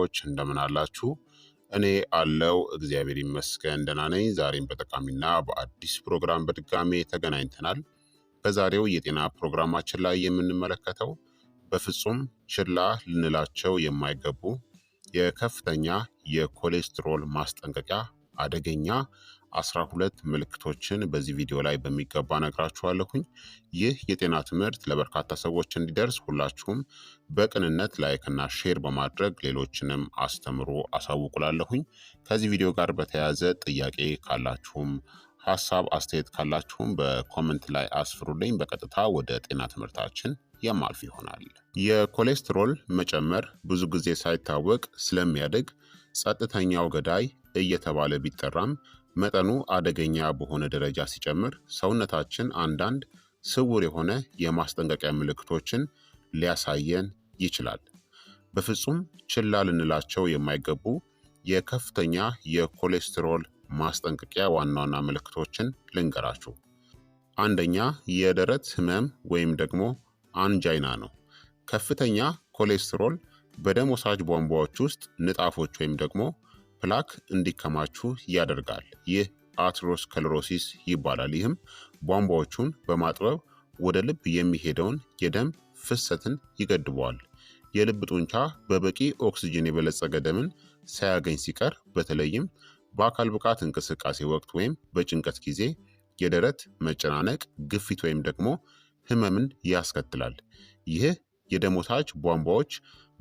ዎች እንደምን አላችሁ? እኔ አለው እግዚአብሔር ይመስገን ደህና ነኝ። ዛሬም በጠቃሚና በአዲስ ፕሮግራም በድጋሜ ተገናኝተናል። በዛሬው የጤና ፕሮግራማችን ላይ የምንመለከተው በፍጹም ችላ ልንላቸው የማይገቡ የከፍተኛ የኮሌስትሮል ማስጠንቀቂያ አደገኛ አስራ ሁለት ምልክቶችን በዚህ ቪዲዮ ላይ በሚገባ ነግራችኋለሁኝ። ይህ የጤና ትምህርት ለበርካታ ሰዎች እንዲደርስ ሁላችሁም በቅንነት ላይክና ሼር በማድረግ ሌሎችንም አስተምሮ አሳውቁላለሁኝ። ከዚህ ቪዲዮ ጋር በተያያዘ ጥያቄ ካላችሁም ሀሳብ አስተያየት ካላችሁም በኮመንት ላይ አስፍሩልኝ። በቀጥታ ወደ ጤና ትምህርታችን የማልፍ ይሆናል። የኮሌስትሮል መጨመር ብዙ ጊዜ ሳይታወቅ ስለሚያድግ ጸጥተኛው ገዳይ እየተባለ ቢጠራም መጠኑ አደገኛ በሆነ ደረጃ ሲጨምር ሰውነታችን አንዳንድ ስውር የሆነ የማስጠንቀቂያ ምልክቶችን ሊያሳየን ይችላል። በፍጹም ችላ ልንላቸው የማይገቡ የከፍተኛ የኮሌስትሮል ማስጠንቀቂያ ዋና ዋና ምልክቶችን ልንገራችሁ። አንደኛ የደረት ህመም ወይም ደግሞ አንጃይና ነው። ከፍተኛ ኮሌስትሮል በደም ወሳጅ ቧንቧዎች ውስጥ ንጣፎች ወይም ደግሞ ፕላክ እንዲከማቹ ያደርጋል። ይህ አትሮስከለሮሲስ ይባላል። ይህም ቧንቧዎቹን በማጥበብ ወደ ልብ የሚሄደውን የደም ፍሰትን ይገድበዋል። የልብ ጡንቻ በበቂ ኦክስጅን የበለጸገ ደምን ሳያገኝ ሲቀር በተለይም በአካል ብቃት እንቅስቃሴ ወቅት ወይም በጭንቀት ጊዜ የደረት መጨናነቅ፣ ግፊት ወይም ደግሞ ህመምን ያስከትላል። ይህ የደም ቧንቧዎች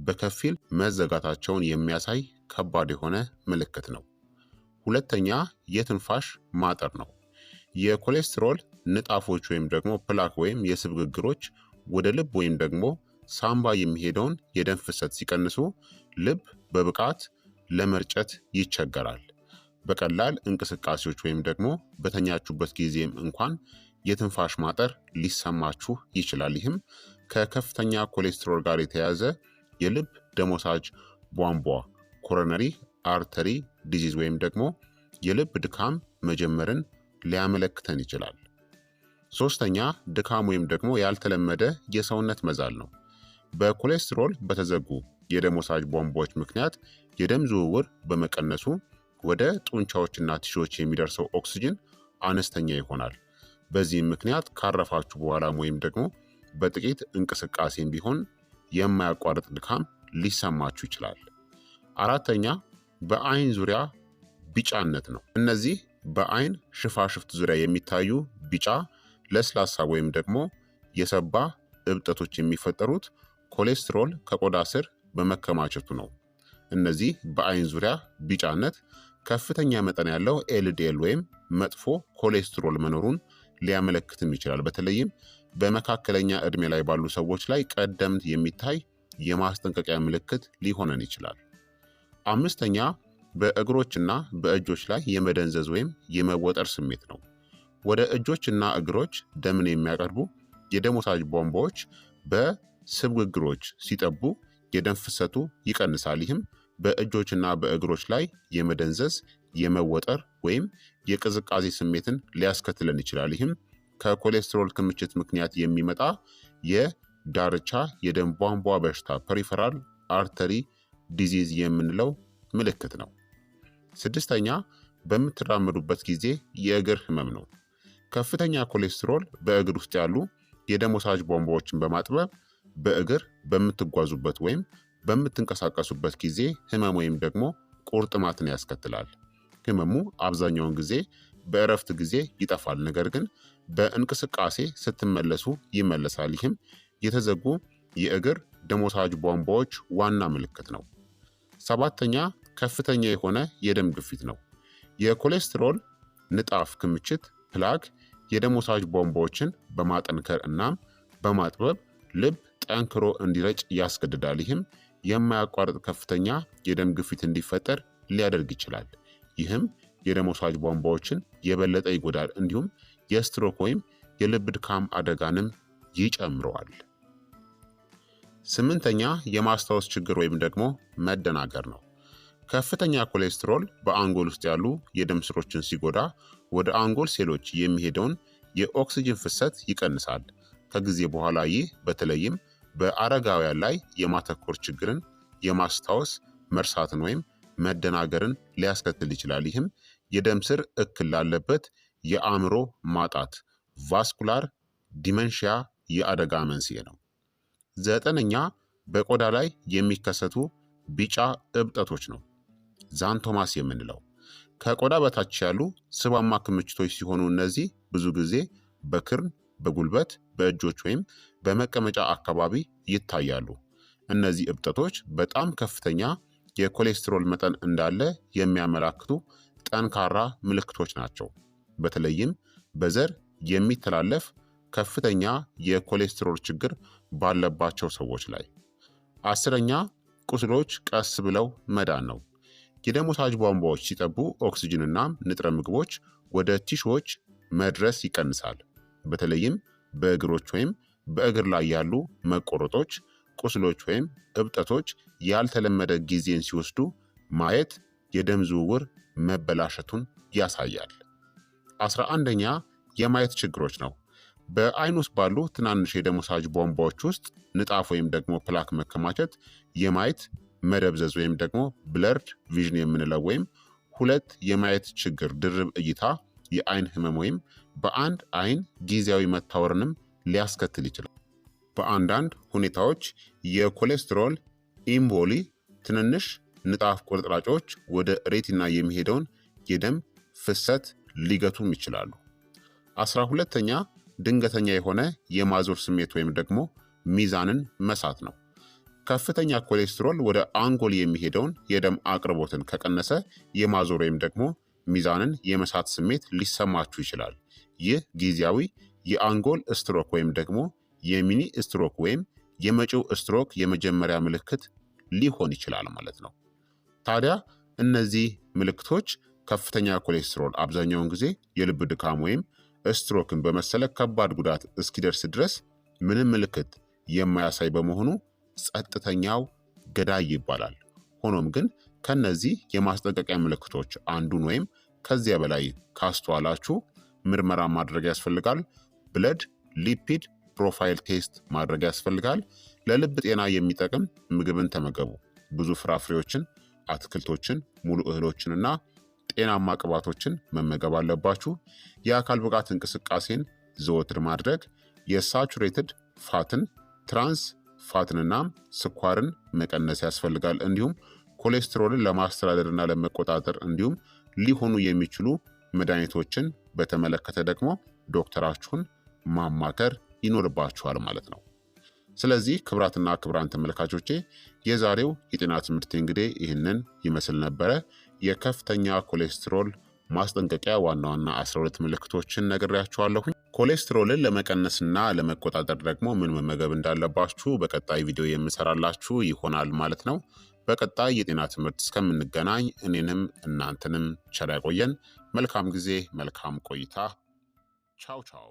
በከፊል መዘጋታቸውን የሚያሳይ ከባድ የሆነ ምልክት ነው። ሁለተኛ የትንፋሽ ማጠር ነው። የኮሌስትሮል ንጣፎች ወይም ደግሞ ፕላክ ወይም የስብ ግግሮች ወደ ልብ ወይም ደግሞ ሳምባ የሚሄደውን የደም ፍሰት ሲቀንሱ ልብ በብቃት ለመርጨት ይቸገራል። በቀላል እንቅስቃሴዎች ወይም ደግሞ በተኛችሁበት ጊዜም እንኳን የትንፋሽ ማጠር ሊሰማችሁ ይችላል። ይህም ከከፍተኛ ኮሌስትሮል ጋር የተያያዘ የልብ ደሞሳጅ ቧንቧ ኮሮነሪ አርተሪ ዲዚዝ ወይም ደግሞ የልብ ድካም መጀመርን ሊያመለክተን ይችላል። ሶስተኛ ድካም ወይም ደግሞ ያልተለመደ የሰውነት መዛል ነው። በኮሌስትሮል በተዘጉ የደሞሳጅ ቧንቧዎች ምክንያት የደም ዝውውር በመቀነሱ ወደ ጡንቻዎችና ቲሾች የሚደርሰው ኦክስጅን አነስተኛ ይሆናል። በዚህም ምክንያት ካረፋችሁ በኋላም ወይም ደግሞ በጥቂት እንቅስቃሴም ቢሆን የማያቋርጥ ድካም ሊሰማችሁ ይችላል። አራተኛ በአይን ዙሪያ ቢጫነት ነው። እነዚህ በአይን ሽፋሽፍት ዙሪያ የሚታዩ ቢጫ ለስላሳ ወይም ደግሞ የሰባ እብጠቶች የሚፈጠሩት ኮሌስትሮል ከቆዳ ስር በመከማቸቱ ነው። እነዚህ በአይን ዙሪያ ቢጫነት ከፍተኛ መጠን ያለው ኤልዲኤል ወይም መጥፎ ኮሌስትሮል መኖሩን ሊያመለክትም ይችላል። በተለይም በመካከለኛ ዕድሜ ላይ ባሉ ሰዎች ላይ ቀደምት የሚታይ የማስጠንቀቂያ ምልክት ሊሆነን ይችላል። አምስተኛ በእግሮችና በእጆች ላይ የመደንዘዝ ወይም የመወጠር ስሜት ነው። ወደ እጆችና እግሮች ደምን የሚያቀርቡ የደም ወሳጅ ቧንቧዎች በስብግግሮች ሲጠቡ የደም ፍሰቱ ይቀንሳል። ይህም በእጆችና በእግሮች ላይ የመደንዘዝ የመወጠር ወይም የቅዝቃዜ ስሜትን ሊያስከትለን ይችላል። ይህም ከኮሌስትሮል ክምችት ምክንያት የሚመጣ የዳርቻ የደም ቧንቧ በሽታ ፐሪፈራል አርተሪ ዲዚዝ የምንለው ምልክት ነው። ስድስተኛ በምትራመዱበት ጊዜ የእግር ህመም ነው። ከፍተኛ ኮሌስትሮል በእግር ውስጥ ያሉ የደም ወሳጅ ቧንቧዎችን በማጥበብ በእግር በምትጓዙበት ወይም በምትንቀሳቀሱበት ጊዜ ህመም ወይም ደግሞ ቁርጥማትን ያስከትላል። ህመሙ አብዛኛውን ጊዜ በእረፍት ጊዜ ይጠፋል፣ ነገር ግን በእንቅስቃሴ ስትመለሱ ይመለሳል። ይህም የተዘጉ የእግር ደሞሳጅ ቧንቧዎች ዋና ምልክት ነው። ሰባተኛ ከፍተኛ የሆነ የደም ግፊት ነው። የኮሌስትሮል ንጣፍ ክምችት ፕላክ የደሞሳጅ ቧንቧዎችን በማጠንከር እናም በማጥበብ ልብ ጠንክሮ እንዲረጭ ያስገድዳል። ይህም የማያቋርጥ ከፍተኛ የደም ግፊት እንዲፈጠር ሊያደርግ ይችላል። ይህም የደሞሳጅ ቧንቧዎችን የበለጠ ይጎዳል። እንዲሁም የስትሮክ ወይም የልብ ድካም አደጋንም ይጨምረዋል። ስምንተኛ የማስታወስ ችግር ወይም ደግሞ መደናገር ነው። ከፍተኛ ኮሌስትሮል በአንጎል ውስጥ ያሉ የደም ስሮችን ሲጎዳ ወደ አንጎል ሴሎች የሚሄደውን የኦክስጅን ፍሰት ይቀንሳል። ከጊዜ በኋላ ይህ በተለይም በአረጋውያን ላይ የማተኮር ችግርን፣ የማስታወስ መርሳትን ወይም መደናገርን ሊያስከትል ይችላል። ይህም የደም ስር እክል ላለበት የአእምሮ ማጣት ቫስኩላር ዲመንሽያ የአደጋ መንስኤ ነው። ዘጠነኛ በቆዳ ላይ የሚከሰቱ ቢጫ እብጠቶች ነው። ዛንቶማስ የምንለው ከቆዳ በታች ያሉ ስባማ ክምችቶች ሲሆኑ እነዚህ ብዙ ጊዜ በክርን፣ በጉልበት፣ በእጆች ወይም በመቀመጫ አካባቢ ይታያሉ። እነዚህ እብጠቶች በጣም ከፍተኛ የኮሌስትሮል መጠን እንዳለ የሚያመላክቱ ጠንካራ ምልክቶች ናቸው። በተለይም በዘር የሚተላለፍ ከፍተኛ የኮሌስትሮል ችግር ባለባቸው ሰዎች ላይ። አስረኛ ቁስሎች ቀስ ብለው መዳን ነው። የደም ወሳጅ ቧንቧዎች ሲጠቡ ኦክስጅንና ንጥረ ምግቦች ወደ ቲሾዎች መድረስ ይቀንሳል። በተለይም በእግሮች ወይም በእግር ላይ ያሉ መቆረጦች ቁስሎች ወይም እብጠቶች ያልተለመደ ጊዜን ሲወስዱ ማየት የደም ዝውውር መበላሸቱን ያሳያል። አስራ አንደኛ የማየት ችግሮች ነው። በአይን ውስጥ ባሉ ትናንሽ የደም ወሳጅ ቧንቧዎች ውስጥ ንጣፍ ወይም ደግሞ ፕላክ መከማቸት የማየት መደብዘዝ ወይም ደግሞ ብለርድ ቪዥን የምንለው ወይም ሁለት የማየት ችግር ድርብ እይታ የአይን ህመም ወይም በአንድ አይን ጊዜያዊ መታወርንም ሊያስከትል ይችላል። በአንዳንድ ሁኔታዎች የኮሌስትሮል ኢምቦሊ ትንንሽ ንጣፍ ቁርጥራጮች ወደ ሬቲና የሚሄደውን የደም ፍሰት ሊገቱም ይችላሉ። አስራ ሁለተኛ ድንገተኛ የሆነ የማዞር ስሜት ወይም ደግሞ ሚዛንን መሳት ነው። ከፍተኛ ኮሌስትሮል ወደ አንጎል የሚሄደውን የደም አቅርቦትን ከቀነሰ የማዞር ወይም ደግሞ ሚዛንን የመሳት ስሜት ሊሰማችሁ ይችላል። ይህ ጊዜያዊ የአንጎል ስትሮክ ወይም ደግሞ የሚኒ ስትሮክ ወይም የመጪው ስትሮክ የመጀመሪያ ምልክት ሊሆን ይችላል ማለት ነው። ታዲያ እነዚህ ምልክቶች ከፍተኛ ኮሌስትሮል አብዛኛውን ጊዜ የልብ ድካም ወይም ስትሮክን በመሰለ ከባድ ጉዳት እስኪደርስ ድረስ ምንም ምልክት የማያሳይ በመሆኑ ጸጥተኛው ገዳይ ይባላል። ሆኖም ግን ከነዚህ የማስጠንቀቂያ ምልክቶች አንዱን ወይም ከዚያ በላይ ካስተዋላችሁ ምርመራ ማድረግ ያስፈልጋል። ብለድ ሊፒድ ፕሮፋይል ቴስት ማድረግ ያስፈልጋል። ለልብ ጤና የሚጠቅም ምግብን ተመገቡ። ብዙ ፍራፍሬዎችን፣ አትክልቶችን፣ ሙሉ እህሎችንና ጤናማ ቅባቶችን መመገብ አለባችሁ። የአካል ብቃት እንቅስቃሴን ዘወትር ማድረግ የሳቹሬትድ ፋትን፣ ትራንስ ፋትንና ስኳርን መቀነስ ያስፈልጋል። እንዲሁም ኮሌስትሮልን ለማስተዳደርና ለመቆጣጠር እንዲሁም ሊሆኑ የሚችሉ መድኃኒቶችን በተመለከተ ደግሞ ዶክተራችሁን ማማከር ይኖርባችኋል ማለት ነው። ስለዚህ ክብራትና ክብራን ተመልካቾቼ የዛሬው የጤና ትምህርት እንግዲህ ይህንን ይመስል ነበረ። የከፍተኛ ኮሌስትሮል ማስጠንቀቂያ ዋና ዋና 12 ምልክቶችን ነግሬያችኋለሁኝ። ኮሌስትሮልን ለመቀነስና ለመቆጣጠር ደግሞ ምን መመገብ እንዳለባችሁ በቀጣይ ቪዲዮ የምሰራላችሁ ይሆናል ማለት ነው። በቀጣይ የጤና ትምህርት እስከምንገናኝ እኔንም እናንተንም ቸር ያቆየን። መልካም ጊዜ፣ መልካም ቆይታ። ቻው ቻው።